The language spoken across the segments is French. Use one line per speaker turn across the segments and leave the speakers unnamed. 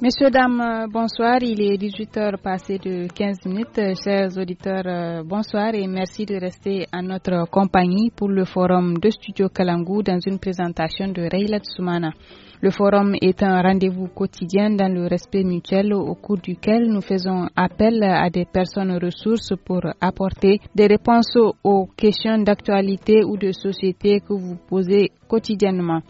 Messieurs, dames, euh, bonsoir. Il est 18h passé de 15 minutes. Euh, chers auditeurs, euh, bonsoir et merci de rester à notre compagnie pour le forum de Studio Kalangou dans une présentation de Raylat Soumana. Le forum est un rendez-vous quotidien dans le respect mutuel au cours duquel nous faisons appel à des personnes ressources pour apporter des réponses aux questions d'actualité ou de société que vous posez quotidiennement.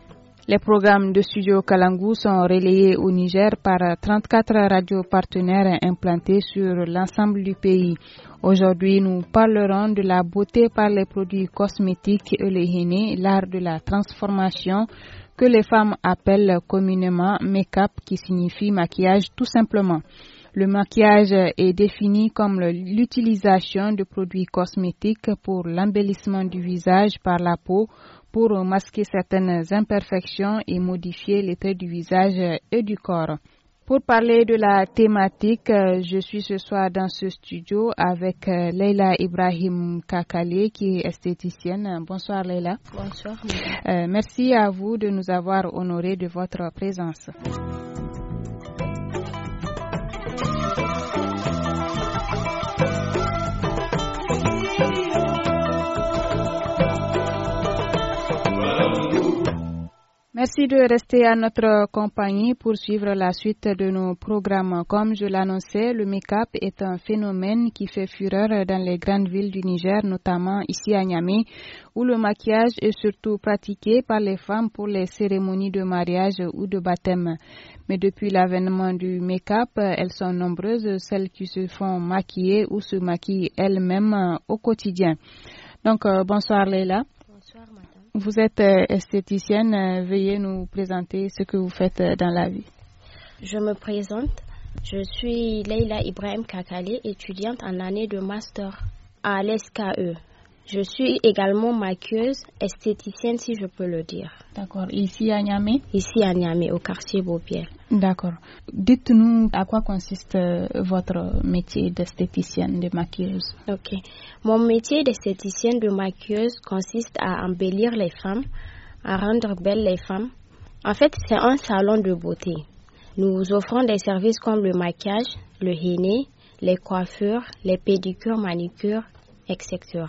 Les programmes de Studio Kalangu sont relayés au Niger par 34 radios partenaires implantés sur l'ensemble du pays. Aujourd'hui, nous parlerons de la beauté par les produits cosmétiques et les l'art de la transformation, que les femmes appellent communément make-up qui signifie maquillage tout simplement. Le maquillage est défini comme l'utilisation de produits cosmétiques pour l'embellissement du visage par la peau pour masquer certaines imperfections et modifier l'état du visage et du corps. Pour parler de la thématique, euh, je suis ce soir dans ce studio avec euh, Leila Ibrahim Kakali qui est esthéticienne. Bonsoir Leila. Bonsoir. Euh, merci à vous de nous avoir honorés de votre présence. Merci de rester à notre compagnie pour suivre la suite de nos programmes. Comme je l'annonçais, le make-up est un phénomène qui fait fureur dans les grandes villes du Niger, notamment ici à Niamey, où le maquillage est surtout pratiqué par les femmes pour les cérémonies de mariage ou de baptême. Mais depuis l'avènement du make-up, elles sont nombreuses, celles qui se font maquiller ou se maquillent elles-mêmes au quotidien. Donc, euh, bonsoir Leila. Vous êtes euh, esthéticienne. Euh, veuillez nous présenter ce que vous faites euh, dans la vie.
Je me présente. Je suis Leila Ibrahim Kakali, étudiante en année de master à l'SKE, je suis également maquilleuse, esthéticienne si je peux le dire. D'accord. Ici à Niamey Ici à Niamey, au quartier Pierre. D'accord.
Dites-nous à quoi consiste euh, votre métier d'esthéticienne, de maquilleuse.
Ok. Mon métier d'esthéticienne, de maquilleuse consiste à embellir les femmes, à rendre belles les femmes. En fait, c'est un salon de beauté. Nous offrons des services comme le maquillage, le henné, les coiffures, les pédicures, manicures, etc.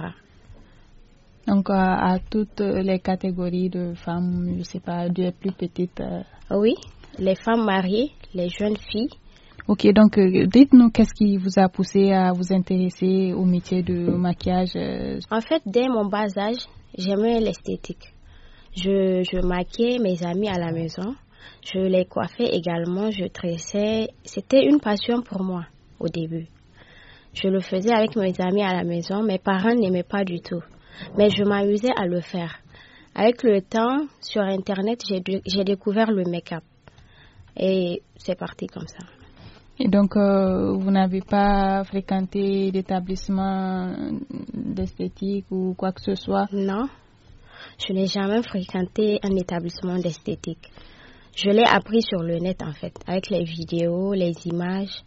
Donc, euh, à, toutes les catégories
de femmes, je ne sais pas, de plus petites. Euh. Oui, les femmes mariées, les jeunes filles.
Ok, donc euh, dites-nous qu'est-ce qui vous a poussé à vous intéresser au métier de maquillage
En fait, dès mon bas âge, j'aimais l'esthétique. Je, je, maquillais mes amis à la maison, je les coiffais également, je tressais. C'était une passion pour moi au début. Je le faisais avec mes amis à la maison, mes parents n'aimaient pas du tout mais je m'amusais à le faire. Avec le temps, sur Internet, j'ai découvert le make-up. Et c'est parti comme ça.
Et donc, euh, vous n'avez pas fréquenté d'établissement
d'esthétique ou quoi que ce soit Non, je n'ai jamais fréquenté un établissement d'esthétique. Je l'ai appris sur le net en fait, avec les vidéos, les images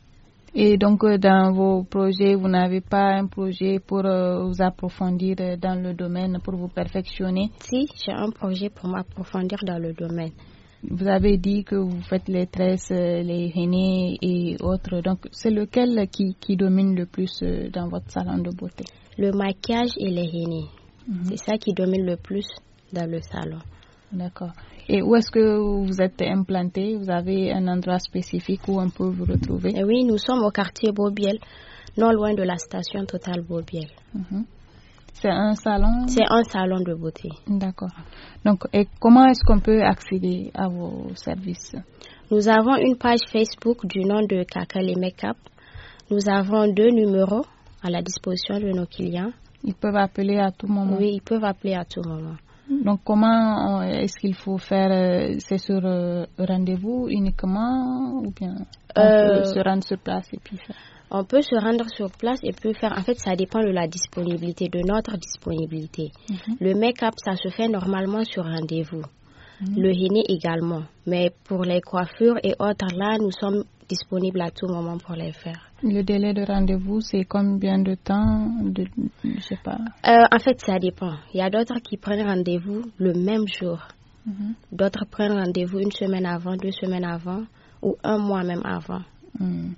et donc, euh, dans vos projets, vous n'avez pas un
projet pour euh, vous approfondir euh, dans le domaine, pour vous perfectionner Si, j'ai un projet pour m'approfondir dans le domaine. Vous avez dit que vous faites les tresses, les hennées et autres. Donc, c'est lequel qui, qui, domine le plus dans votre salon de beauté Le maquillage et les hennées. Mhm. C'est ça qui domine le plus dans le salon. D'accord. Et où est-ce que vous êtes implanté Vous avez un endroit spécifique
où on peut vous retrouver eh Oui, nous sommes au quartier Bobiel, non loin de la station Total Bobiel.
Mhm. C'est un salon
C'est un salon de beauté. D'accord. Donc, et comment est-ce qu'on peut accéder à vos services Nous avons une page Facebook du nom de Kakal et Makeup. Nous avons deux numéros à la disposition de nos clients. Ils peuvent appeler à tout moment Oui, ils peuvent appeler à tout moment. Donc,
comment euh, est-ce qu'il faut faire euh, C'est sur euh, rendez-vous uniquement ou bien on peut se rendre sur place et puis
faire on peut se rendre sur place et peut faire. En fait, ça dépend de la disponibilité, de notre disponibilité. Mhm. Le make-up, ça se fait normalement sur rendez-vous. Mhm. Le henné également. Mais pour les coiffures et autres, là, nous sommes disponible à tout moment pour les faire.
Le délai de rendez-vous, c'est combien de temps Je sais pas.
Euh, en fait, ça dépend. Il y a d'autres qui prennent rendez-vous le même jour. Mhm. D'autres prennent rendez-vous une semaine avant, deux semaines avant ou un mois même avant. Mhm.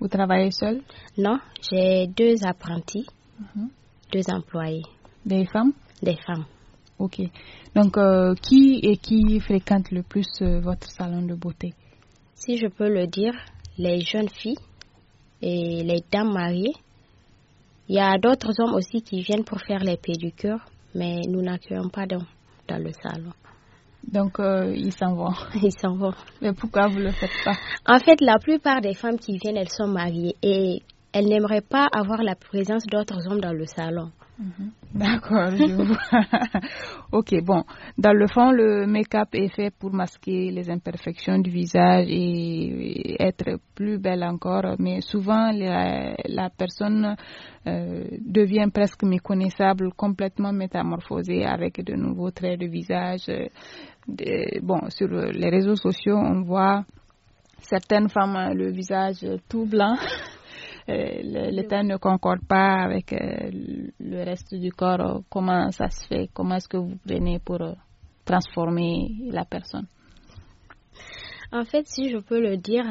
Vous travaillez seul Non, j'ai deux apprentis, mhm. deux employés. Des femmes Des femmes. Ok.
Donc, euh, qui et qui fréquente le plus euh, votre salon de beauté
si je peux le dire, les jeunes filles et les dames mariées. Il y a d'autres hommes aussi qui viennent pour faire les cœur, mais nous n'accueillons pas d'hommes dans le salon. Donc, euh, ils s'en vont. Ils s'en vont. Mais pourquoi vous ne le faites pas En fait, la plupart des femmes qui viennent, elles sont mariées et elles n'aimeraient pas avoir la présence d'autres hommes dans le salon.
Mhm. D'accord, ok, bon. Dans le fond, le make-up est fait pour masquer les imperfections du visage et être plus belle encore. Mais souvent, la, personne euh, devient presque méconnaissable, complètement métamorphosée avec de nouveaux traits de visage. bon, sur les réseaux sociaux, on voit certaines femmes hein, le visage tout blanc. Euh, l'État ne concorde pas avec euh, le reste du corps, comment ça se fait Comment est-ce que vous prenez pour euh, transformer la personne
En fait, si je peux le dire,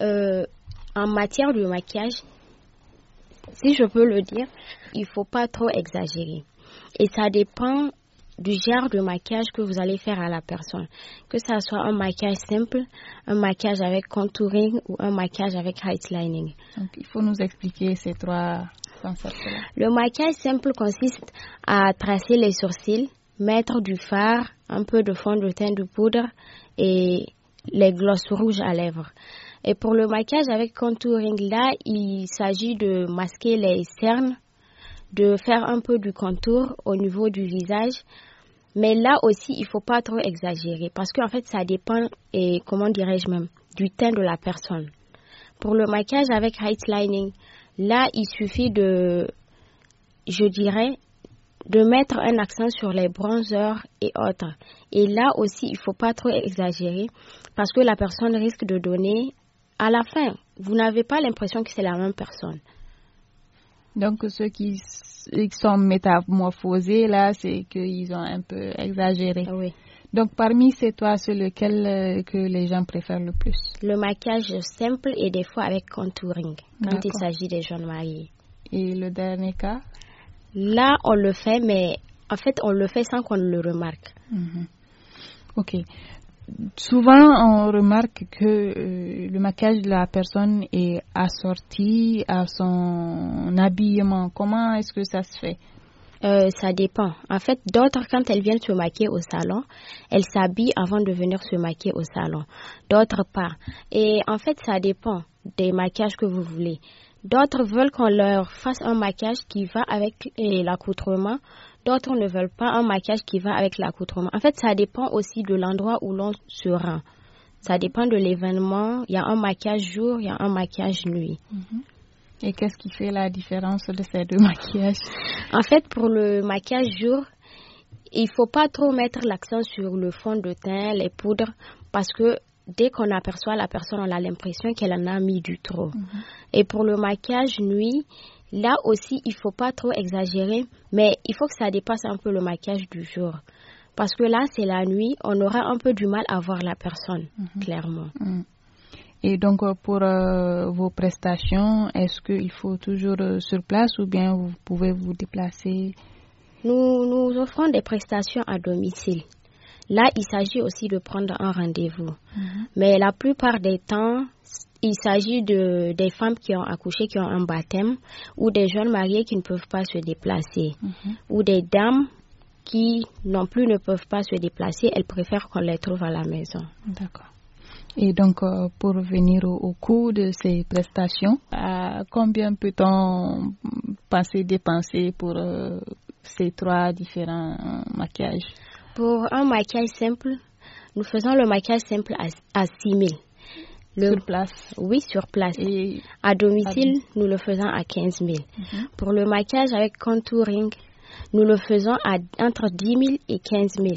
en matière de maquillage, si je peux le dire, il ne faut pas trop exagérer. Et ça dépend du genre de maquillage que vous allez faire à la personne. Que ça soit un maquillage simple, un maquillage avec contouring ou un maquillage avec highlighting. Donc, il faut nous expliquer ces trois concepts Le maquillage simple consiste à tracer les sourcils, mettre du fard, un peu de fond de teint de poudre et les glosses rouges à lèvres. Et pour le maquillage avec contouring, là, il s'agit de masquer les cernes, de faire un peu du contour au niveau du visage, mais là aussi, il ne faut pas trop exagérer parce qu'en fait, ça dépend, comment dirais-je même, du teint de la personne. Pour le maquillage avec lining, là, il suffit de, je dirais, de mettre un accent sur les bronzers et autres. Et là aussi, il ne faut pas trop exagérer parce que la personne risque de donner à la fin. Vous n'avez pas l'impression que c'est la même personne. Donc, ceux
qui, sont métamorphosés, là, c'est qu'ils ont un peu exagéré. Ah oui. Donc, parmi ces trois, c'est lequel euh, que les gens préfèrent le plus Le maquillage
simple et des fois avec contouring, quand il s'agit des jeunes mariés. Et le dernier cas Là, on le fait, mais en fait, on le fait sans qu'on le remarque.
Mhm. Ok souvent on remarque que euh, le maquillage de la personne est assorti à son habillement.
Comment est-ce que ça se fait euh, ça dépend. En fait, d'autres, quand elles viennent se maquiller au salon, elles s'habillent avant de venir se maquiller au salon. D'autres pas. Et en fait, ça dépend des maquillages que vous voulez. D'autres veulent qu'on leur fasse un maquillage qui va avec l'accoutrement. D'autres ne veulent pas un maquillage qui va avec l'accoutrement. En fait, ça dépend aussi de l'endroit où l'on se rend. Ça dépend de l'événement. Il y a un maquillage jour, il y a un maquillage nuit. Mhm. Et qu'est-ce qui fait la différence de ces deux maquillages En fait, pour le maquillage jour, il ne faut pas trop mettre l'accent sur le fond de teint, les poudres, parce que dès qu'on aperçoit la personne, on a l'impression qu'elle en a mis du trop. Mhm. Et pour le maquillage nuit, là aussi, il ne faut pas trop exagérer, mais il faut que ça dépasse un peu le maquillage du jour. Parce que là, c'est la nuit, on aura un peu du mal à voir la personne, mhm. clairement. Mhm. Et
donc, euh, pour euh, vos prestations, est-ce qu'il faut toujours euh, sur place ou bien vous
pouvez vous déplacer nous, nous offrons des prestations à domicile. Là, il s'agit aussi de prendre un rendez-vous. Mhm. Mais la plupart des temps, il s'agit de, des femmes qui ont accouché, qui ont un baptême, ou des jeunes mariés qui ne peuvent pas se déplacer, mhm. ou des dames qui non plus ne peuvent pas se déplacer, elles préfèrent qu'on les trouve à la maison.
D'accord. Et donc, euh, pour venir au, cours coût de ces prestations,
combien peut-on penser dépenser pour euh, ces trois différents maquillages pour un maquillage simple, nous faisons le maquillage simple à, à 6 000. Le, sur place Oui, sur place. à domicile, nous le faisons à 15 000. Mhm. Pour le maquillage avec contouring, nous le faisons entre 10 000 et 15 000.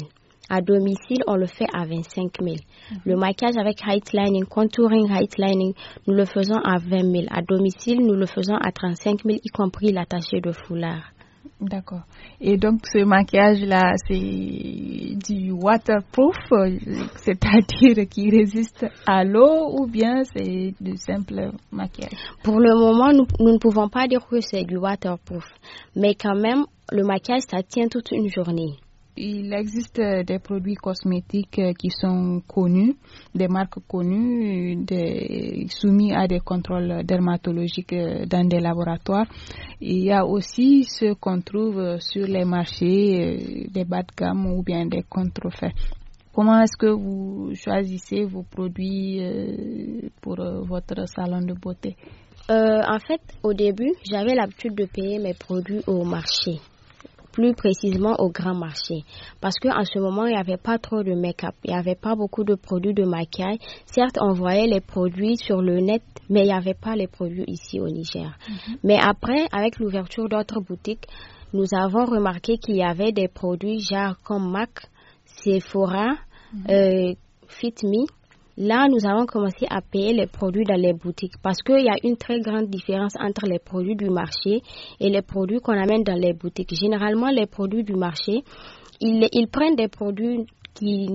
À domicile, on le fait à 25 000. Mhm. Le maquillage avec heightlining, contouring, heightlining, nous le faisons à 20 000. À domicile, nous le faisons à 35 000, y compris l'attaché de foulard.
D'accord. Et donc ce maquillage-là, c'est du waterproof, c'est-à-dire qu'il résiste à l'eau ou bien c'est
du simple maquillage Pour le moment, nous, nous ne pouvons pas dire que c'est du waterproof, mais quand même, le maquillage, ça tient toute une journée. Il existe euh, des
produits cosmétiques euh, qui sont connus, des marques connues, soumis à des contrôles dermatologiques euh, dans des laboratoires. Il y a aussi ce qu'on trouve sur les marchés, des bas de gamme ou bien des contrefaits. Comment est-ce que vous choisissez vos produits pour
votre salon de beauté en fait, au début, j'avais l'habitude de payer mes produits au marché plus précisément au grand marché. Parce qu'en ce moment, il n'y avait pas trop de make-up, il n'y avait pas beaucoup de produits de maquillage. Certes, on voyait les produits sur le net, mais il n'y avait pas les produits ici au Niger. Mhm. Mais après, avec l'ouverture d'autres boutiques, nous avons remarqué qu'il y avait des produits genre comme MAC, Sephora, mhm. euh, Fit Me, Là, nous avons commencé à payer les produits dans les boutiques parce qu'il y a une très grande différence entre les produits du marché et les produits qu'on amène dans les boutiques. Généralement, les produits du marché, ils, prennent des produits qui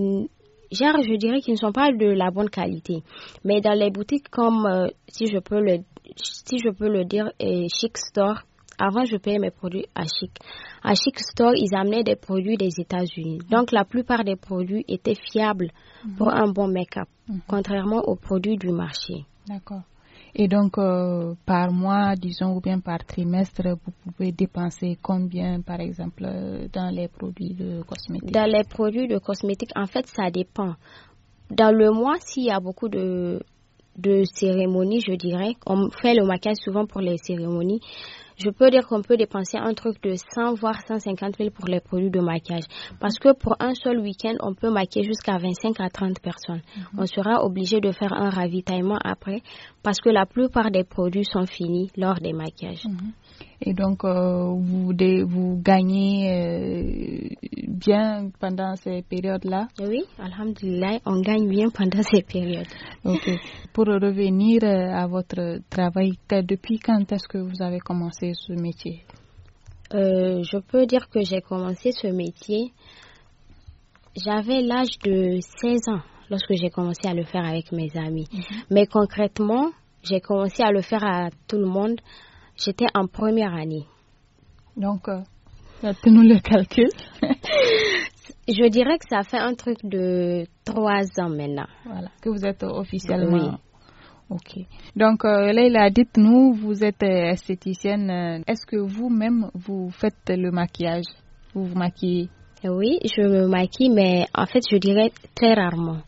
genre je dirais qui ne sont pas de la bonne qualité. Mais dans les boutiques comme, euh, si, je peux le, si je peux le dire, euh, Chic Store, avant, je payais mes produits à Chic. À Chic Store, ils amenaient des produits des États-Unis. Donc, la plupart des produits étaient fiables mhm. pour un bon make-up, mhm. contrairement aux produits du marché. D'accord.
Et donc, euh, par mois, disons, ou bien par trimestre, vous pouvez dépenser combien, par exemple, euh, dans les produits de cosmétiques Dans
les produits de cosmétiques, en fait, ça dépend. Dans le mois, s'il y a beaucoup de, de cérémonies, je dirais, on fait le maquillage souvent pour les cérémonies je peux dire qu'on peut dépenser un truc de 100 voire 150 000 pour les produits de maquillage. Parce que pour un seul week-end, on peut maquiller jusqu'à 25 à 30 personnes. Mhm. On sera obligé de faire un ravitaillement après parce que la plupart des produits sont finis lors des maquillages. Mhm. Et donc, euh, vous, vous gagnez euh, bien pendant ces
périodes-là Oui, alhamdulillah, on gagne bien pendant ces périodes. Ok. Pour revenir euh, à votre travail, depuis quand est-ce que vous avez commencé ce métier
Je peux dire que j'ai commencé ce métier. J'avais l'âge de 16 ans lorsque j'ai commencé à le faire avec mes amis. Mm-hmm. Mais concrètement, j'ai commencé à le faire à tout le monde J'étais en première année. Donc, faites
euh, nous le calcul.
je dirais que ça fait un truc de trois ans maintenant. Voilà, que vous êtes officiellement.
Ok. Donc, euh, Leila dit dites-nous, vous êtes euh, esthéticienne. Est-ce que vous-même,
vous faites le maquillage Vous vous maquillez Oui, je me maquille, mais en fait, je dirais très rarement.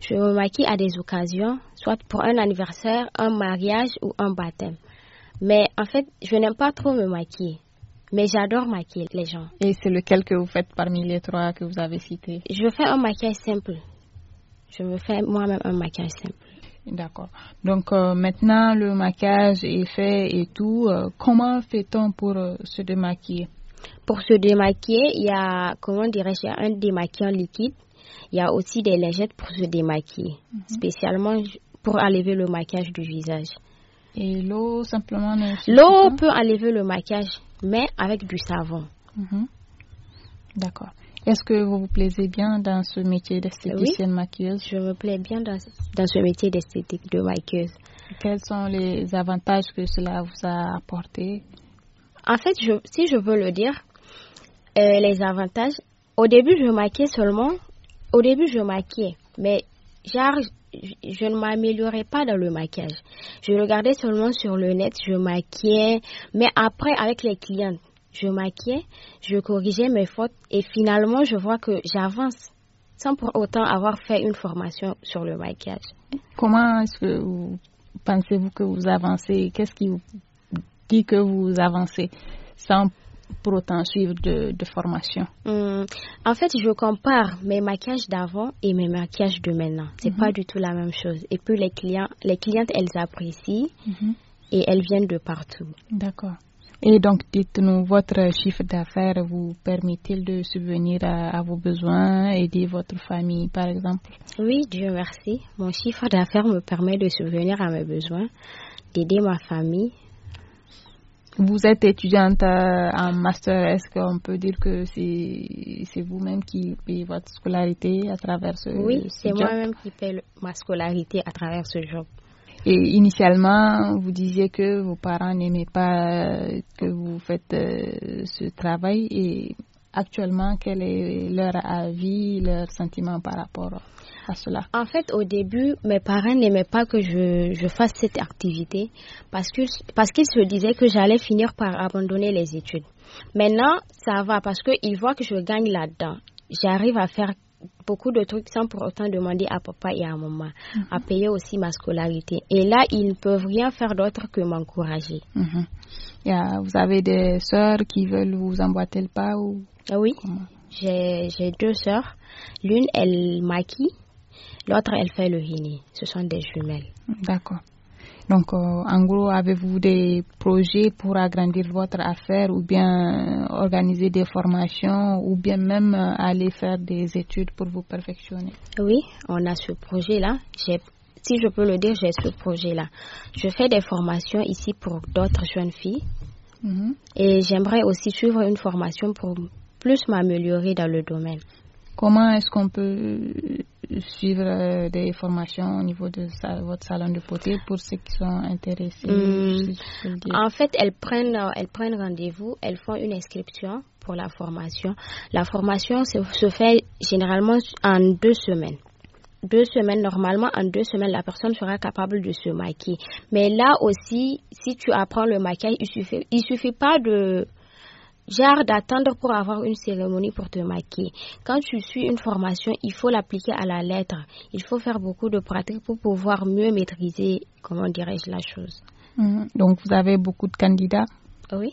Je me maquille à des occasions, soit pour un anniversaire, un mariage ou un baptême. Mais en fait, je n'aime pas trop me maquiller. Mais j'adore maquiller les gens. Et c'est lequel que vous faites parmi les trois que vous avez cités Je fais un maquillage simple. Je me fais moi-même un maquillage simple. D'accord.
Donc euh, maintenant, le maquillage est fait et tout. Euh, comment fait-on pour euh, se
démaquiller Pour se démaquiller, il y a, comment dirais-je, un démaquillant liquide. Il y a aussi des lingettes pour se démaquiller, mhm. spécialement pour enlever le maquillage du visage. Et l'eau simplement L'eau peut enlever le maquillage, mais avec du savon.
Mhm. D'accord. Est-ce que vous vous plaisez bien dans ce métier d'esthéticienne oui, maquilleuse Je me plais bien dans, dans ce métier d'esthétique de maquilleuse. Quels sont les avantages que cela vous a apporté
En fait, je, si je veux le dire, euh, les avantages, au début je maquillais seulement, au début je maquillais, mais je ne m'améliorais pas dans le maquillage. Je regardais seulement sur le net, je maquillais, mais après, avec les clients, je maquillais, je corrigeais mes fautes et finalement, je vois que j'avance sans pour autant avoir fait une formation sur le maquillage.
Comment est-ce pensez-vous que vous avancez Qu'est-ce qui vous dit que vous avancez sans
pour autant suivre de, formation. Hmm. En fait, je compare mes maquillages d'avant et mes maquillages de maintenant. C'est n'est mhm. pas du tout la même chose. Et puis les clients, les clientes, elles apprécient mhm. et elles viennent de partout. D'accord. Et
donc, dites-nous, votre chiffre d'affaires vous permet-il de subvenir à, à, vos besoins, aider
votre famille, par exemple Oui, Dieu merci. Mon chiffre d'affaires me permet de subvenir à mes besoins, d'aider ma famille, vous êtes étudiante euh,
en master, est-ce qu'on peut dire que c'est vous-même qui payez votre scolarité à travers ce, oui, Oui, c'est moi-même
qui paye ma scolarité à travers ce job. Et
initialement, vous disiez que vos parents n'aimaient pas euh, que vous faites euh, ce travail. Et actuellement, quel est leur avis, leur sentiment
par rapport en fait, au début, mes parents n'aimaient pas que je, fasse cette activité parce que parce qu'ils se disaient que j'allais finir par abandonner les études. Maintenant, ça va parce qu'ils voient que je gagne là-dedans. J'arrive à faire beaucoup de trucs sans pour autant demander à papa et à maman, à mhm. payer aussi ma scolarité. Et là, ils ne peuvent rien faire d'autre que m'encourager. Mhm. vous avez des sœurs qui veulent vous emboîter le pas ou... Oui, j'ai deux sœurs. L'une, elle maquille L'autre, elle fait le hini. Ce sont des jumelles.
D'accord. Donc, euh, en gros, avez-vous des projets pour agrandir votre affaire ou bien euh, organiser des formations ou bien même euh, aller faire des études pour vous
perfectionner Oui, on a ce projet-là. Si je peux le dire, j'ai ce projet-là. Je fais des formations ici pour d'autres jeunes filles mhm. et j'aimerais aussi suivre une formation pour plus m'améliorer dans le domaine. Comment
est-ce qu'on peut euh, suivre euh, des formations au niveau de votre salon de beauté pour ceux qui sont intéressés hmm.
En fait, elles prennent, euh, elles prennent rendez-vous, elles font une inscription pour la formation. La formation se, se fait généralement en deux semaines deux semaines, normalement, en deux semaines, la personne sera capable de se maquiller. Mais là aussi, si tu apprends le maquillage, il suffit, il suffit pas de, j'ai hâte d'attendre pour avoir une cérémonie pour te maquiller. Quand tu suis une formation, il faut l'appliquer à la lettre. Il faut faire beaucoup de pratiques pour pouvoir mieux maîtriser, comment dirais-je, la chose.
Mhm. Donc, vous avez beaucoup de candidats Oui.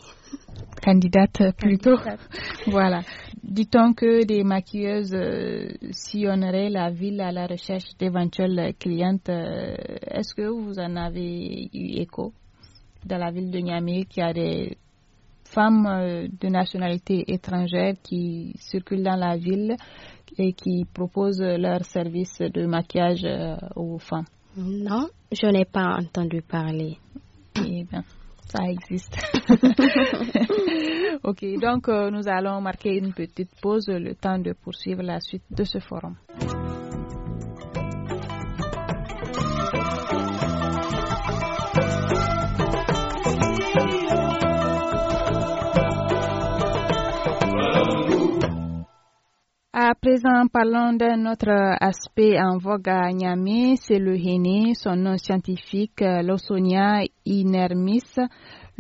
Candidates euh, plutôt. voilà. Dit-on que des maquilleuses euh, sillonneraient la ville à la recherche d'éventuelles clientes. Euh, est-ce que vous en avez eu écho dans la ville de Niamey qui a des femmes euh, de nationalité étrangère qui circulent dans la ville et qui proposent leurs services de maquillage euh, aux femmes. Non, je n'ai pas
entendu parler. Eh bien, ça existe.
ok, donc euh, nous allons marquer une petite pause, le temps de poursuivre la suite de ce forum. À présent, parlons d'un autre aspect en vogue à Niamey, c'est le henné, son nom scientifique, euh, Lawsonia inermis.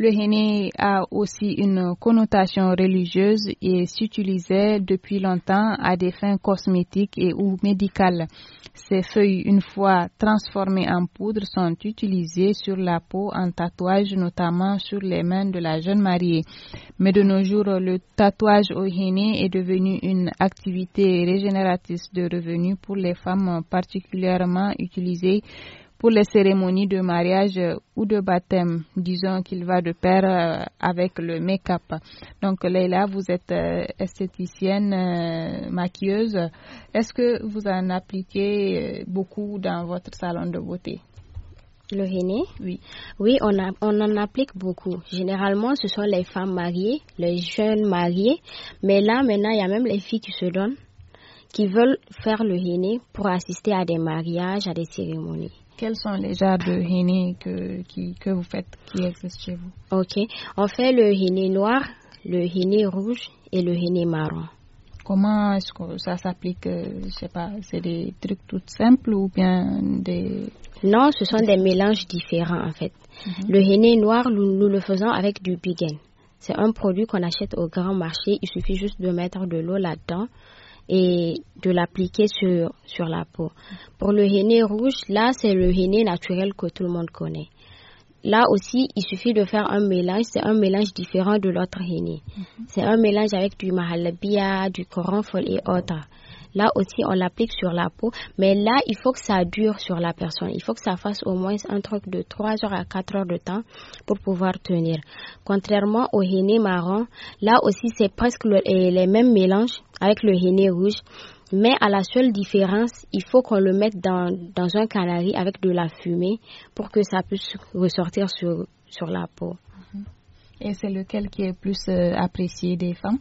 Le henné a aussi une connotation religieuse et s'utilisait depuis longtemps à des fins cosmétiques et ou médicales. Ces feuilles, une fois transformées en poudre, sont utilisées sur la peau en tatouage, notamment sur les mains de la jeune mariée. Mais de nos jours, le tatouage au henné est devenu une activité régénératrice de revenus pour les femmes particulièrement utilisées pour les cérémonies de mariage euh, ou de baptême, disons qu'il va de pair euh, avec le make-up. Donc Leila, vous êtes euh, esthéticienne, maquilleuse. Est-ce
que vous en appliquez beaucoup dans votre salon de beauté le henné Oui. Oui, on, en applique beaucoup. Généralement, ce sont les femmes mariées, les jeunes mariées. Mais là, maintenant, il y a même les filles qui se donnent, qui veulent faire le henné pour assister à des mariages, à des cérémonies quels sont les genres de henné que, vous faites, qui existent chez vous Ok. On fait le henné noir, le henné rouge et le henné marron. Comment est-ce que ça s'applique euh, Je sais pas, c'est des trucs tout simples ou bien des. Non, ce sont des mélanges différents en fait. Mhm. Le henné noir, nous, le faisons avec du bigaine. C'est un produit qu'on achète au grand marché. Il suffit juste de mettre de l'eau là-dedans, et de l'appliquer sur, sur la peau. Pour le henné rouge, là, c'est le henné naturel que tout le monde connaît. Là aussi, il suffit de faire un mélange. C'est un mélange différent de l'autre henné. Mhm. C'est un mélange avec du mahalabia, du coranfol et autres. Là aussi, on l'applique sur la peau, mais là, il faut que ça dure sur la personne. Il faut que ça fasse au moins un truc de 3 heures à 4 heures de temps pour pouvoir tenir. Contrairement au henné marron, là aussi, c'est presque le, les mêmes mélanges avec le henné rouge. Mais à la seule différence, il faut qu'on le mette dans, un canari avec de la fumée pour que ça puisse ressortir sur, la peau. Et c'est lequel qui est plus euh, apprécié des femmes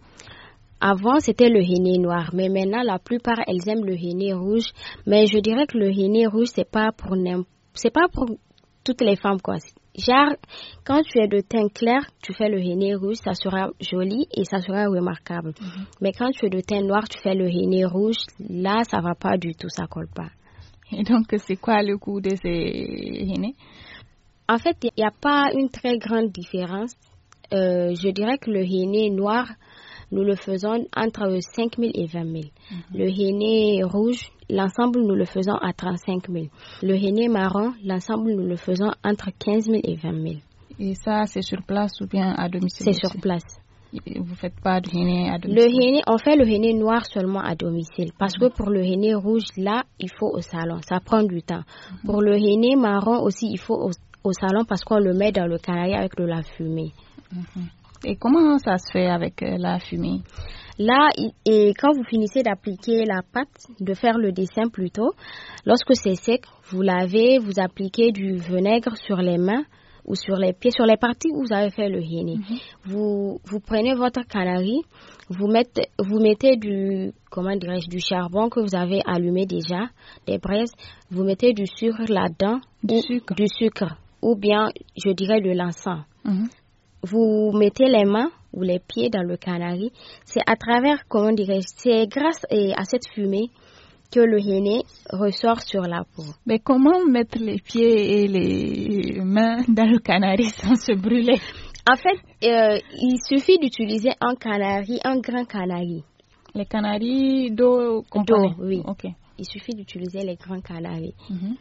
avant, c'était le henné noir, mais maintenant, la plupart, elles aiment le henné rouge. Mais je dirais que le henné rouge, c'est pas pour c'est pas pour toutes les femmes, quoi. Genre, quand tu es de teint clair, tu fais le henné rouge, ça sera joli et ça sera remarquable. Mm-hmm. Mais quand tu es de teint noir, tu fais le henné rouge, là, ça va pas du tout, ça colle pas. Et donc, c'est quoi le coût de ces henné En fait, il n'y a pas une très grande différence. Euh, je dirais que le henné noir, nous le faisons entre 5 000 et 20 000. Mhm. Le henné rouge, l'ensemble, nous le faisons à 35 000. Le henné marron, l'ensemble, nous le faisons entre 15 000 et 20 000. Et ça, c'est sur place ou bien à domicile C'est sur place
vous ne faites pas de henné à domicile
Le henné, on fait le henné noir seulement à domicile parce que mhm. pour le henné rouge, là, il faut au salon, ça prend du temps. Mhm. Pour le henné marron aussi, il faut au, salon parce qu'on le met dans le canari avec de la fumée. Et comment ça se fait avec euh, la fumée Là, et quand vous finissez d'appliquer la pâte, de faire le dessin plutôt, lorsque c'est sec, vous lavez, vous appliquez du vinaigre sur les mains ou sur les pieds, sur les parties où vous avez fait le henné. Mm-hmm. vous, prenez votre canari, vous mettez, du, comment du charbon que vous avez allumé déjà, des braises, vous mettez du sucre là-dedans, du, du, sucre. ou bien, je dirais, de l'encens. Mm-hmm vous mettez les mains ou les pieds dans le canari. C'est à travers, comment dirais c'est grâce à cette fumée que le henné ressort sur la peau. Mais comment mettre les pieds et les
mains dans le canari sans se brûler En fait, euh, il suffit d'utiliser
un canari, un grand canari. Les canaris d'eau Oui. Il suffit d'utiliser les grands canaris. Mm-hmm.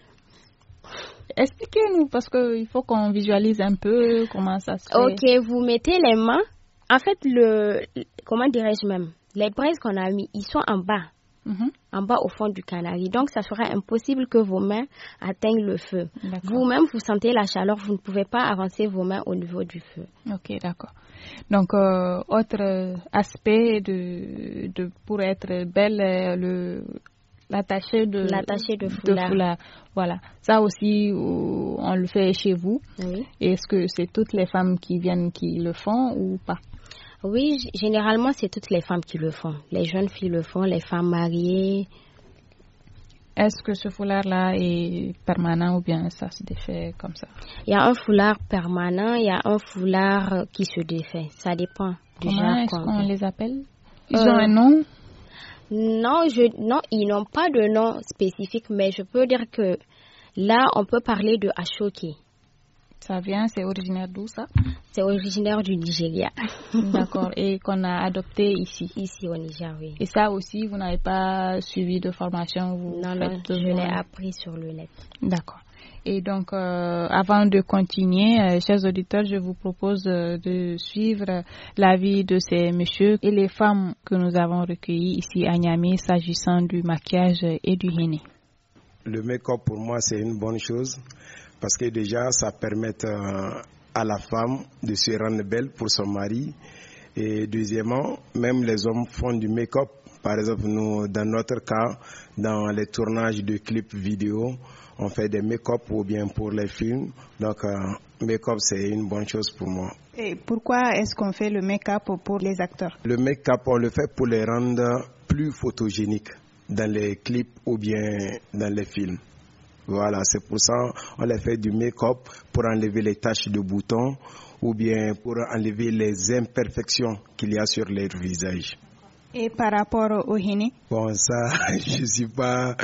Expliquez-nous parce qu'il faut qu'on visualise un peu comment ça se fait. Ok, vous mettez les mains. En fait, le comment dirais-je même Les braises qu'on a mis, ils sont en bas. Mhm. en bas au fond du canari. Donc, ça sera impossible que vos mains atteignent le feu. Vous-même, vous sentez la chaleur, vous ne pouvez pas avancer vos mains au niveau du feu. Ok, d'accord.
Donc, euh, autre aspect de, de, pour être belle, euh, le, l'attaché de, de, foulard. de, foulard. Voilà. Ça aussi, euh, on le fait
chez vous. Oui. Est-ce que c'est toutes les femmes qui viennent qui le font ou pas Oui, généralement, c'est toutes les femmes qui le font. Les jeunes filles le font, les femmes mariées. Est-ce que ce foulard-là est permanent ou bien ça se défait comme ça Il y a un foulard permanent, il y a un foulard euh, qui se défait. Ça dépend du Comment les appelle Ils euh, ont un nom non, je, non ils n'ont pas de nom spécifique, mais je peux dire que là, on peut parler de Ashoki. Ça vient, c'est originaire d'où ça C'est originaire du Nigeria. D'accord,
et qu'on a adopté ici Ici au Niger, oui. Et ça aussi, vous n'avez pas suivi de formation Non, non, je l'ai appris sur le net. D'accord. Et donc, euh, avant de continuer, euh, chers auditeurs, je vous propose euh, de suivre l'avis de ces messieurs et les femmes que nous avons recueillies ici à Niamey s'agissant du maquillage
et du henné. Le make-up, pour moi, c'est une bonne chose parce que déjà, ça permet à la femme de se rendre belle pour son mari. Et deuxièmement, même les hommes font du make-up. Par exemple, nous, dans notre cas, dans les tournages de clips vidéo, on fait des make-up ou bien pour les films. Donc, euh, make-up, c'est une bonne chose pour moi.
Et pourquoi est-ce qu'on fait le make-up pour les acteurs
Le make-up, on le fait pour les rendre plus photogéniques dans les clips ou bien dans les films. Voilà, c'est pour ça on les fait du make-up pour enlever les taches de boutons ou bien pour enlever les imperfections qu'il y a sur leur visage.
Et par rapport au henné
Bon, ça, je ne suis pas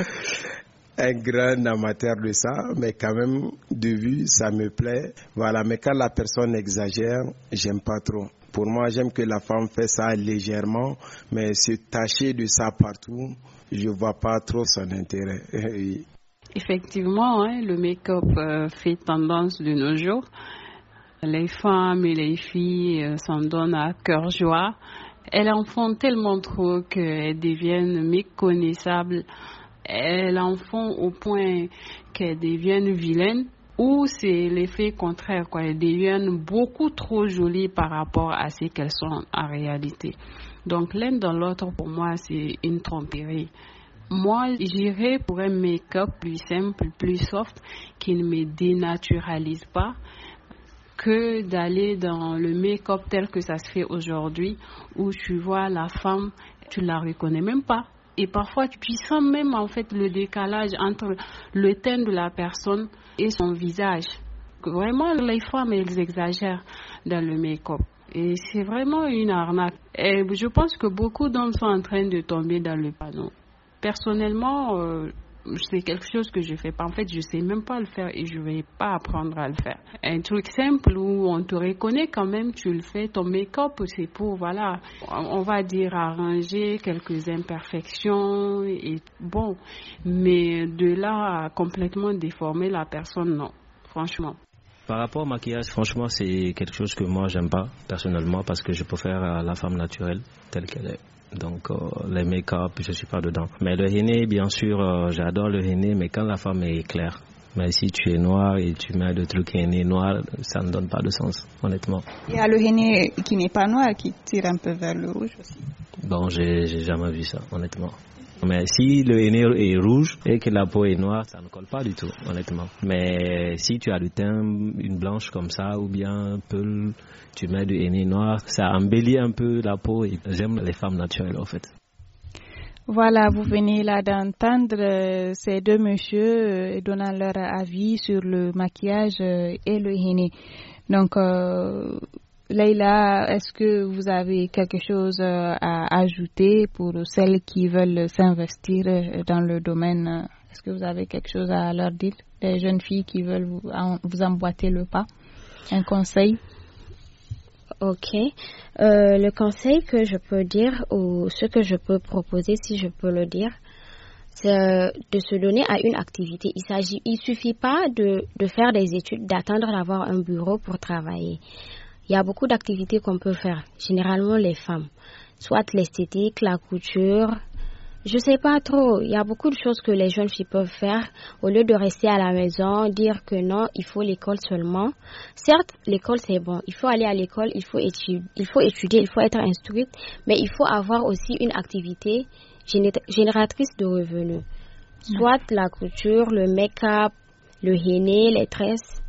un grand amateur de ça, mais quand même, de vue, ça me plaît. Voilà, mais quand la personne exagère, j'aime pas trop. Pour moi, j'aime que la femme fait ça légèrement, mais se tacher de ça partout, je vois pas trop son intérêt.
Effectivement, hein, le make-up euh, fait tendance de nos jours. Les femmes et les filles euh, s'en donnent à cœur joie. Elles en font tellement trop qu'elles deviennent méconnaissables elles en font au point qu'elles deviennent vilaines ou c'est l'effet contraire, quoi. Elles deviennent beaucoup trop jolies par rapport à ce qu'elles sont en réalité. Donc l'un dans l'autre, pour moi, c'est une tromperie. Moi, j'irais pour un make-up plus simple, plus soft, qui ne me dénaturalise pas, que d'aller dans le make-up tel que ça se fait aujourd'hui, où tu vois la femme, tu la reconnais même pas et parfois tu sens même en fait le décalage entre le teint de la personne et son visage. Vraiment, les femmes, elles exagèrent dans le make-up. Et c'est vraiment une arnaque. Et je pense que beaucoup d'hommes sont en train de tomber dans le panneau. Personnellement, euh, c'est quelque chose que je fais pas. En fait, je sais même pas le faire et je vais pas apprendre à le faire. Un truc simple où on te reconnaît quand même, tu le fais. Ton make-up, c'est pour, voilà, on va dire arranger quelques imperfections et bon. Mais de là à complètement déformer la personne, non franchement.
Par rapport au maquillage, franchement, c'est quelque chose que moi, j'aime pas personnellement parce que je préfère euh, la femme naturelle telle qu'elle est. Donc euh, les make-up, je suis pas dedans. Mais le henné, bien sûr, euh, j'adore le henné, mais quand la femme est claire. Mais si tu es noir et tu mets le truc henné noir, ça ne donne pas de sens, honnêtement.
Il y a le henné qui n'est pas noir, qui tire un peu vers le rouge aussi.
Bon, j'ai jamais vu ça, honnêtement. Mais si le henné est rouge et que la peau est noire, ça ne colle pas du tout, honnêtement. Mais si tu as du teint, une blanche comme ça, ou bien un peu, tu mets du henné noir, ça embellit un peu la peau. J'aime les femmes naturelles, en fait.
Voilà, vous venez là d'entendre euh, ces deux messieurs euh, donnant leur avis sur le maquillage euh, et le henné. Donc, Leïla, est-ce que vous avez quelque chose euh, à ajouter pour celles qui veulent s'investir euh, dans le domaine euh, Est-ce que vous avez quelque chose à leur dire Les jeunes filles qui veulent vous, emboîter
le pas Un conseil Ok. le conseil que je peux dire ou ce que je peux proposer, si je peux le dire, c'est de se donner à une activité. Il ne suffit pas de faire des études, d'attendre d'avoir un bureau pour travailler. Il y a beaucoup d'activités qu'on peut faire, généralement les femmes. Soit l'esthétique, la couture. Je sais pas trop. Il y a beaucoup de choses que les jeunes filles peuvent faire au lieu de rester à la maison, dire que non, il faut l'école seulement. Certes, l'école c'est bon. Il faut aller à l'école, il faut étudier, il faut étudier, il faut être instruite, mais il faut avoir aussi une activité génératrice de revenus. Soit la couture, le make-up, le henné, les tresses.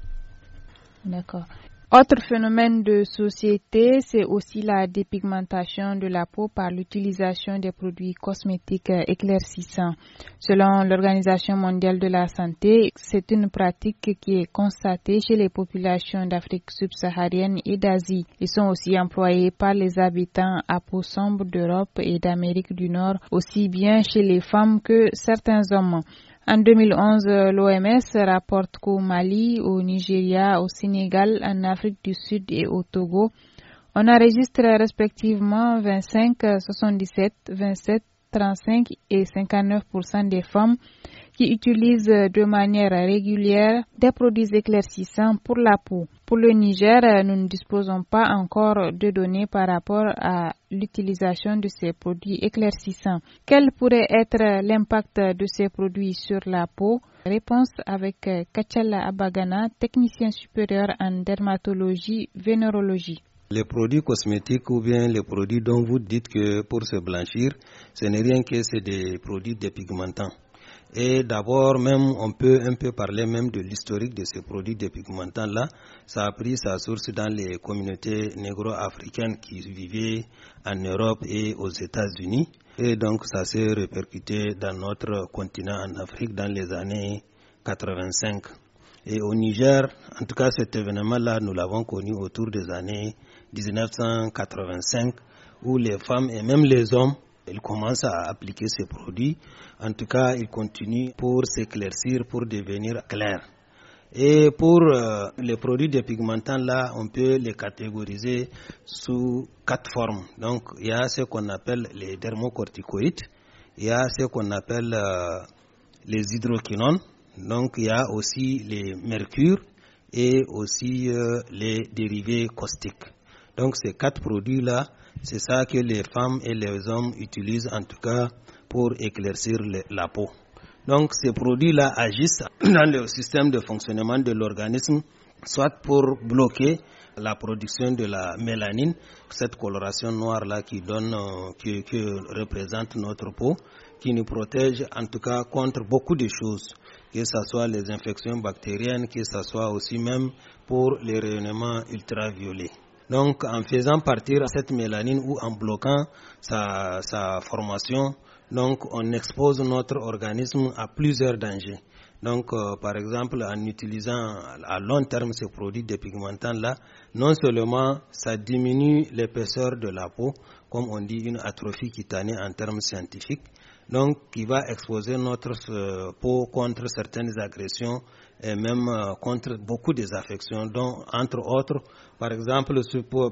D'accord. Autre phénomène de société, c'est aussi la dépigmentation de la peau par l'utilisation des produits cosmétiques éclaircissants. Selon l'Organisation mondiale de la santé, c'est une pratique qui est constatée chez les populations d'Afrique subsaharienne et d'Asie. Ils sont aussi employés par les habitants à peau sombre d'Europe et d'Amérique du Nord, aussi bien chez les femmes que certains hommes. En 2011, l'OMS rapporte qu'au Mali, au Nigeria, au Sénégal, en Afrique du Sud et au Togo, on enregistre respectivement 25, 77, 27, 35 et 59 des femmes qui utilisent euh, de manière régulière des produits éclaircissants pour la peau. Pour le Niger, euh, nous ne disposons pas encore de données par rapport à l'utilisation de ces produits éclaircissants. Quel pourrait être euh, l'impact de ces produits sur la peau Réponse avec Kachala Abagana, technicien supérieur en dermatologie, vénérologie.
Les produits cosmétiques ou bien les produits dont vous dites que pour se blanchir, ce n'est rien que des produits dépigmentants. Et d'abord, même, on peut un peu parler même de l'historique de ces produits dépigmentants-là. Ça a pris sa source dans les communautés négro-africaines qui vivaient en Europe et aux États-Unis. Et donc, ça s'est répercuté dans notre continent en Afrique dans les années 85. Et au Niger, en tout cas, cet événement-là, nous l'avons connu autour des années 1985, où les femmes et même les hommes il commence à appliquer ces produits. En tout cas, il continue pour s'éclaircir, pour devenir clair. Et pour euh, les produits de pigmentants, là, on peut les catégoriser sous quatre formes. Donc, il y a ce qu'on appelle les dermocorticoïdes, il y a ce qu'on appelle euh, les hydroquinones, donc il y a aussi les mercures et aussi euh, les dérivés caustiques. Donc, ces quatre produits-là, c'est ça que les femmes et les hommes utilisent en tout cas pour éclaircir la peau. Donc ces produits-là agissent dans le système de fonctionnement de l'organisme, soit pour bloquer la production de la mélanine, cette coloration noire-là qui euh, qui, qui représente notre peau, qui nous protège en tout cas contre beaucoup de choses, que ce soit les infections bactériennes, que ce soit aussi même pour les rayonnements ultraviolets. Donc en faisant partir cette mélanine ou en bloquant sa, sa formation, donc on expose notre organisme à plusieurs dangers. Donc, euh, par exemple, en utilisant à long terme ces produits dépigmentants-là, non seulement ça diminue l'épaisseur de la peau, comme on dit une atrophie cutanée en termes scientifiques, donc qui va exposer notre euh, peau contre certaines agressions et même euh, contre beaucoup des affections, dont entre autres, par exemple,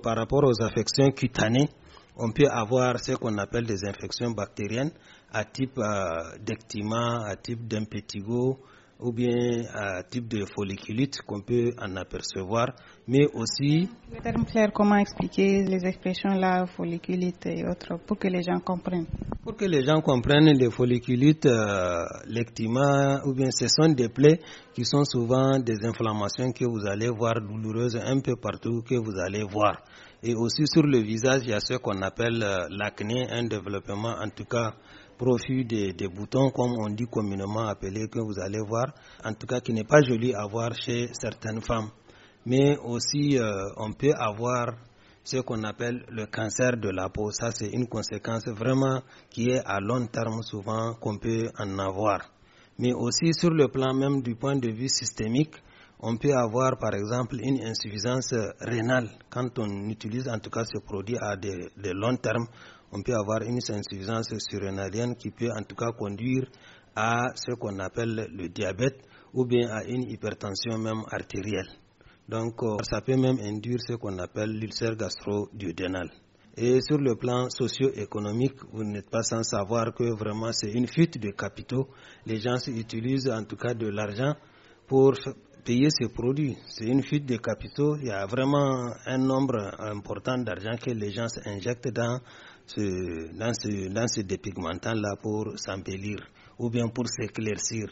par rapport aux affections cutanées, on peut avoir ce qu'on appelle des infections bactériennes à type euh, d'ectima, à type d'impétigo, ou bien un type de folliculite qu'on peut en apercevoir, mais aussi...
Le terme clair, comment expliquer les expressions là, folliculite et autres, pour que les gens comprennent
Pour que les gens comprennent, les folliculites, euh, l'ectima, ou bien ce sont des plaies qui sont souvent des inflammations que vous allez voir douloureuses un peu partout que vous allez voir. Et aussi sur le visage, il y a ce qu'on appelle euh, l'acné, un développement en tout cas profit des, boutons, comme on dit communément appelé que vous allez voir, en tout cas qui n'est pas joli à voir chez certaines femmes. Mais aussi, euh, on peut avoir ce qu'on appelle le cancer de la peau. Ça, c'est une conséquence vraiment qui est à long terme souvent qu'on peut en avoir. Mais aussi sur le plan même du point de vue systémique, on peut avoir par exemple une insuffisance rénale quand on utilise en tout cas ce produit à des de long terme on peut avoir une insuffisance surrénalienne qui peut en tout cas conduire à ce qu'on appelle le diabète ou bien à une hypertension même artérielle. Donc euh, ça peut même induire ce qu'on appelle l'ulcère gastro-duodénal. Et sur le plan socio-économique, vous n'êtes pas sans savoir que vraiment c'est une fuite de capitaux. Les gens utilisent en tout cas de l'argent pour payer ces produits. C'est une fuite de capitaux. Il y a vraiment un nombre important d'argent que les gens injectent dans dans ce, dans dépigmentant-là pour s'embellir ou bien pour s'éclaircir.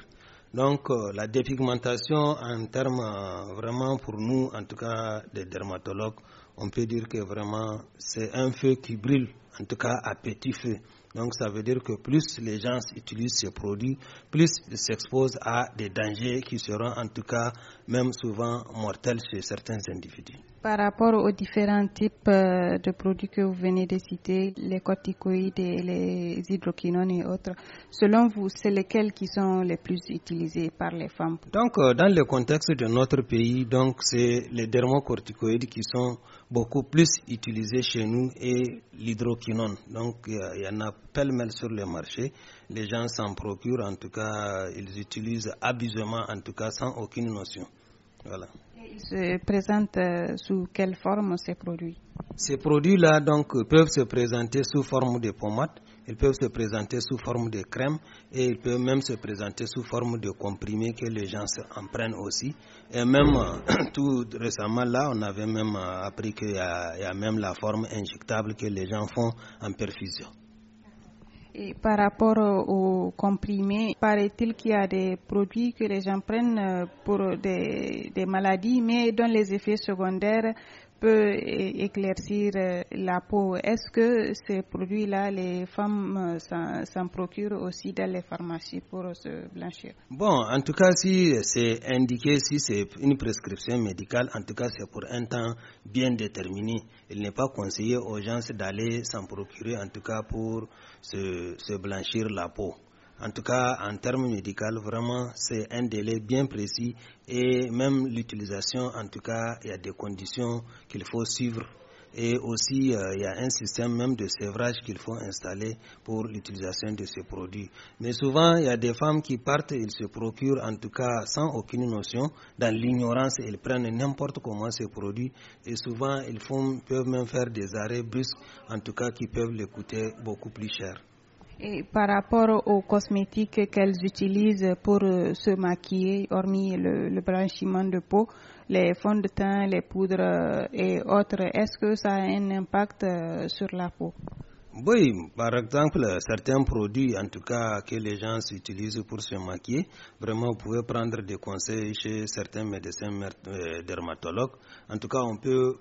Donc euh, la dépigmentation en termes euh, vraiment pour nous, en tout cas des dermatologues, on peut dire que vraiment c'est un feu qui brûle, en tout cas à petit feu. Donc ça veut dire que plus les gens utilisent ces produits, plus ils s'exposent à des dangers qui seront en tout cas même souvent mortels chez certains individus.
Par rapport aux différents types euh, de produits que vous venez de citer, les corticoïdes et les hydroquinones et autres, selon vous, c'est lesquels qui sont les plus utilisés par les femmes
Donc euh, dans le contexte de notre pays, donc c'est les dermocorticoïdes qui sont beaucoup plus utilisé chez nous est l'hydroquinone. Donc il y en a pêle-mêle sur le marché. Les gens s'en procurent, en tout cas, ils utilisent abusivement, en tout cas, sans aucune notion. Voilà.
Ils se présentent euh, sous quelle forme ces produits
Ces produits-là donc peuvent se présenter sous forme de pommades ils peuvent se présenter sous forme de crème et ils peuvent même se présenter sous forme de comprimés que les gens en prennent aussi. Et même euh, tout récemment là, on avait même euh, appris qu'il y, a même la forme injectable que les gens font en perfusion.
Et par rapport euh, aux comprimés, paraît-il qu'il y a des produits que les gens prennent pour des, des maladies, mais dont les effets secondaires peut éclaircir euh, la peau, est-ce que ces produits-là, les femmes euh, s'en procurent aussi dans les pharmacies pour se blanchir
Bon, en tout cas, si c'est indiqué, si c'est une prescription médicale, en tout cas, c'est pour un temps bien déterminé. Il n'est pas conseillé aux gens d'aller s'en procurer, en tout cas, pour se blanchir la peau. En tout cas, en termes médicaux, vraiment, c'est un délai bien précis et même l'utilisation, en tout cas, il y a des conditions qu'il faut suivre et aussi euh, il y a un système même de sévrage qu'il faut installer pour l'utilisation de ces produits. Mais souvent, il y a des femmes qui partent, ils se procurent en tout cas sans aucune notion, dans l'ignorance, Elles prennent n'importe comment ces produits et souvent ils peuvent même faire des arrêts brusques, en tout cas qui peuvent les coûter beaucoup plus cher.
Et par rapport aux cosmétiques qu'elles utilisent pour euh, se maquiller, hormis le, blanchiment de peau, les fonds de teint, les poudres euh, et autres, est-ce que ça a un impact euh, sur la peau
oui, par exemple, certains produits, en tout cas, que les gens utilisent pour se maquiller, vraiment, vous pouvez prendre des conseils chez certains médecins dermatologues. En tout cas, on peut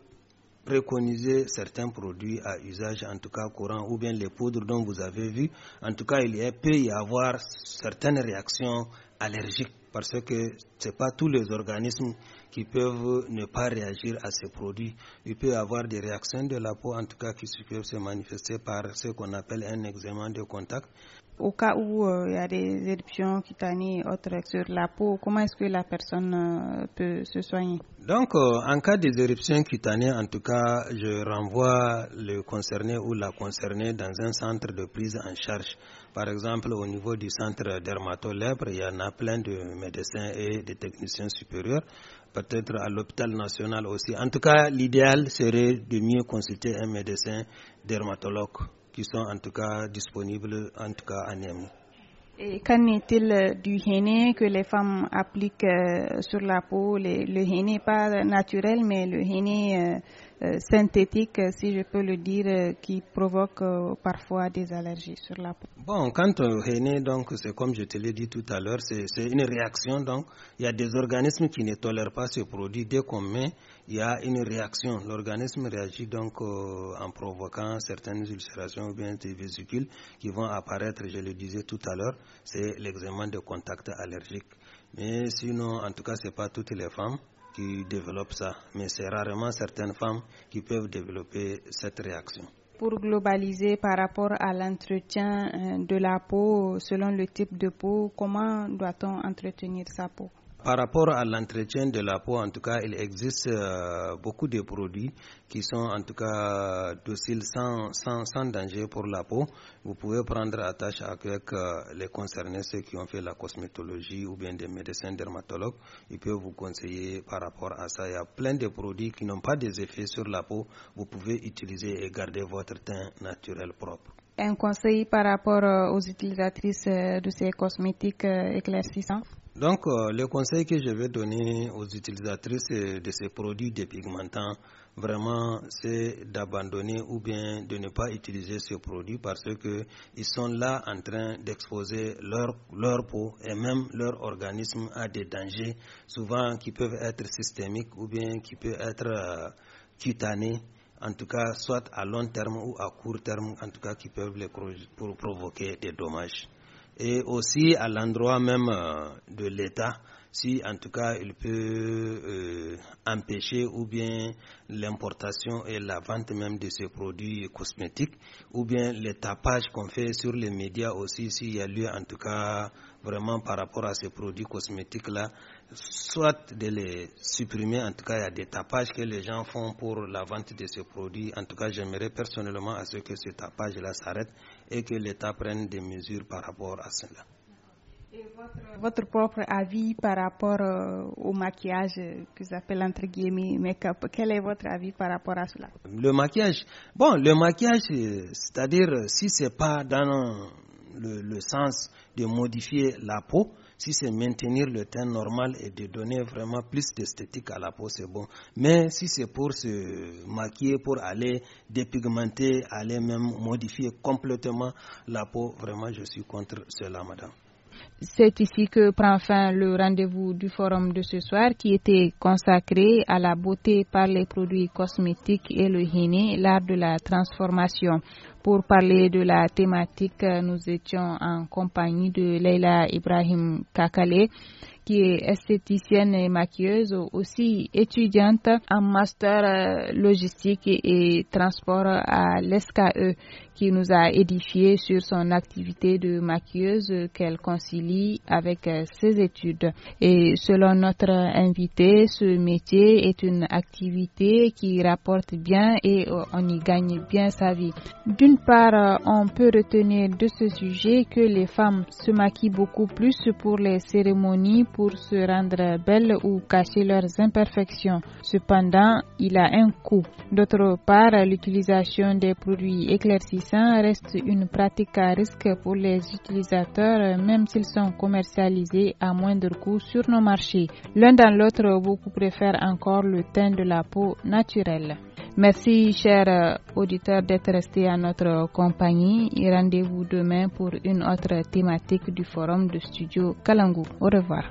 préconiser certains produits à usage, en tout cas courant, ou bien les poudres dont vous avez vu. En tout cas, il y peut y avoir certaines réactions allergiques parce que ce n'est pas tous les organismes qui peuvent ne pas réagir à ces produits. Il peut y avoir des réactions de la peau, en tout cas, qui peuvent se manifester par ce qu'on appelle un examen de contact
au cas où euh, il y a des éruptions cutanées autres sur la peau, comment est-ce que la personne euh, peut se soigner Donc,
euh, en cas des éruptions cutanées, en tout cas, je renvoie le concerné ou la concernée dans un centre de prise en charge. Par exemple, au niveau du centre dermatolèbre, il y en a plein de médecins et de techniciens supérieurs peut-être à l'hôpital national aussi. En tout cas, l'idéal serait de mieux consulter un médecin dermatologue qui sont en tout cas disponibles, en tout cas en
Et qu'en est-il euh, du henné que les femmes appliquent euh, sur la peau, le henné pas naturel, mais le henné euh, synthétique, si je peux le dire, qui provoque parfois des allergies sur la peau
Bon, quant au henné, donc c'est comme je te l'ai dit tout à l'heure, c'est une réaction. Donc, il y a des organismes qui ne tolèrent pas ce produit dès qu'on met il y a une réaction. L'organisme réagit donc euh, en provoquant certaines ulcérations ou bien des vésicules qui vont apparaître, je le disais tout à l'heure, c'est l'examen de contact allergique. Mais sinon, en tout cas, ce n'est pas toutes les femmes qui développent ça, mais c'est rarement certaines femmes qui peuvent développer cette réaction
pour globaliser par rapport à l'entretien euh, de la peau, selon le type de peau, comment doit-on entretenir sa peau
par rapport à l'entretien de la peau, en tout cas, il existe euh, beaucoup de produits qui sont en tout cas dociles sans, sans, danger pour la peau. Vous pouvez prendre attache avec euh, les concernés, ceux qui ont fait la cosmétologie ou bien des médecins dermatologues. Ils peuvent vous conseiller par rapport à ça. Il y a plein de produits qui n'ont pas des sur la peau. Vous pouvez utiliser et garder votre teint naturel propre.
Un conseil par rapport euh, aux utilisatrices de ces cosmétiques
éclaircissants
donc, euh, le conseil que je vais donner aux utilisatrices de ces produits dépigmentants, vraiment, c'est d'abandonner ou bien de ne pas utiliser ces produits parce qu'ils sont là en train d'exposer leur, leur peau et même leur organisme à des dangers, souvent qui peuvent être systémiques ou bien qui peuvent être euh, cutanés en tout cas soit à long terme ou à court terme, en tout cas qui peuvent les provoquer des dommages et aussi à l'endroit même euh, de l'État, si en tout cas il peut euh, empêcher ou bien l'importation et la vente même de ces produits cosmétiques, ou bien les tapages qu'on fait sur les médias aussi, s'il y a lieu en tout cas vraiment par rapport à ces produits cosmétiques-là, soit de les supprimer, en tout cas il y a des tapages que les gens font pour la vente de ces produits. En tout cas, j'aimerais personnellement à ce que ce tapage-là s'arrête et que l'État prenne des mesures par rapport à cela.
votre, propre avis par rapport euh, au maquillage que j'appelle entre guillemets make-up, quel est votre avis par rapport à cela
Le maquillage, bon, le maquillage, euh, c'est-à-dire euh, si ce n'est pas dans le, sens de modifier la peau, si c'est maintenir le teint normal et de donner vraiment plus d'esthétique à la peau, c'est bon. Mais si c'est pour se maquiller, pour aller dépigmenter, aller même modifier complètement la peau, vraiment je suis contre cela, madame.
C'est
ici que prend fin le rendez-vous du forum de ce soir qui était consacré à la beauté par les produits cosmétiques et le henné, l'art de la transformation. Pour parler de la thématique, nous étions en compagnie de Leila Ibrahim Kakale qui est esthéticienne et maquilleuse, aussi étudiante en master euh, logistique et transport à l'ESCAE, qui nous a édifié sur son activité de maquilleuse qu'elle concilie avec euh, ses études. Et selon notre invité, ce métier est une activité qui rapporte bien et euh, on y gagne bien sa vie. D'une part, on peut retenir de ce sujet que les femmes se maquillent beaucoup plus pour les cérémonies pour se rendre belles ou cacher leurs imperfections. Cependant, il a un coût. D'autre part, l'utilisation des produits éclaircissants reste une pratique à risque pour les utilisateurs, même s'ils sont commercialisés à moindre coût sur nos marchés. L'un dans l'autre, beaucoup préfèrent encore le teint de la peau naturelle. Merci, chers euh, auditeurs, d'être restés à notre compagnie. Rendez-vous demain pour une autre thématique du forum de studio Kalangu. Au revoir.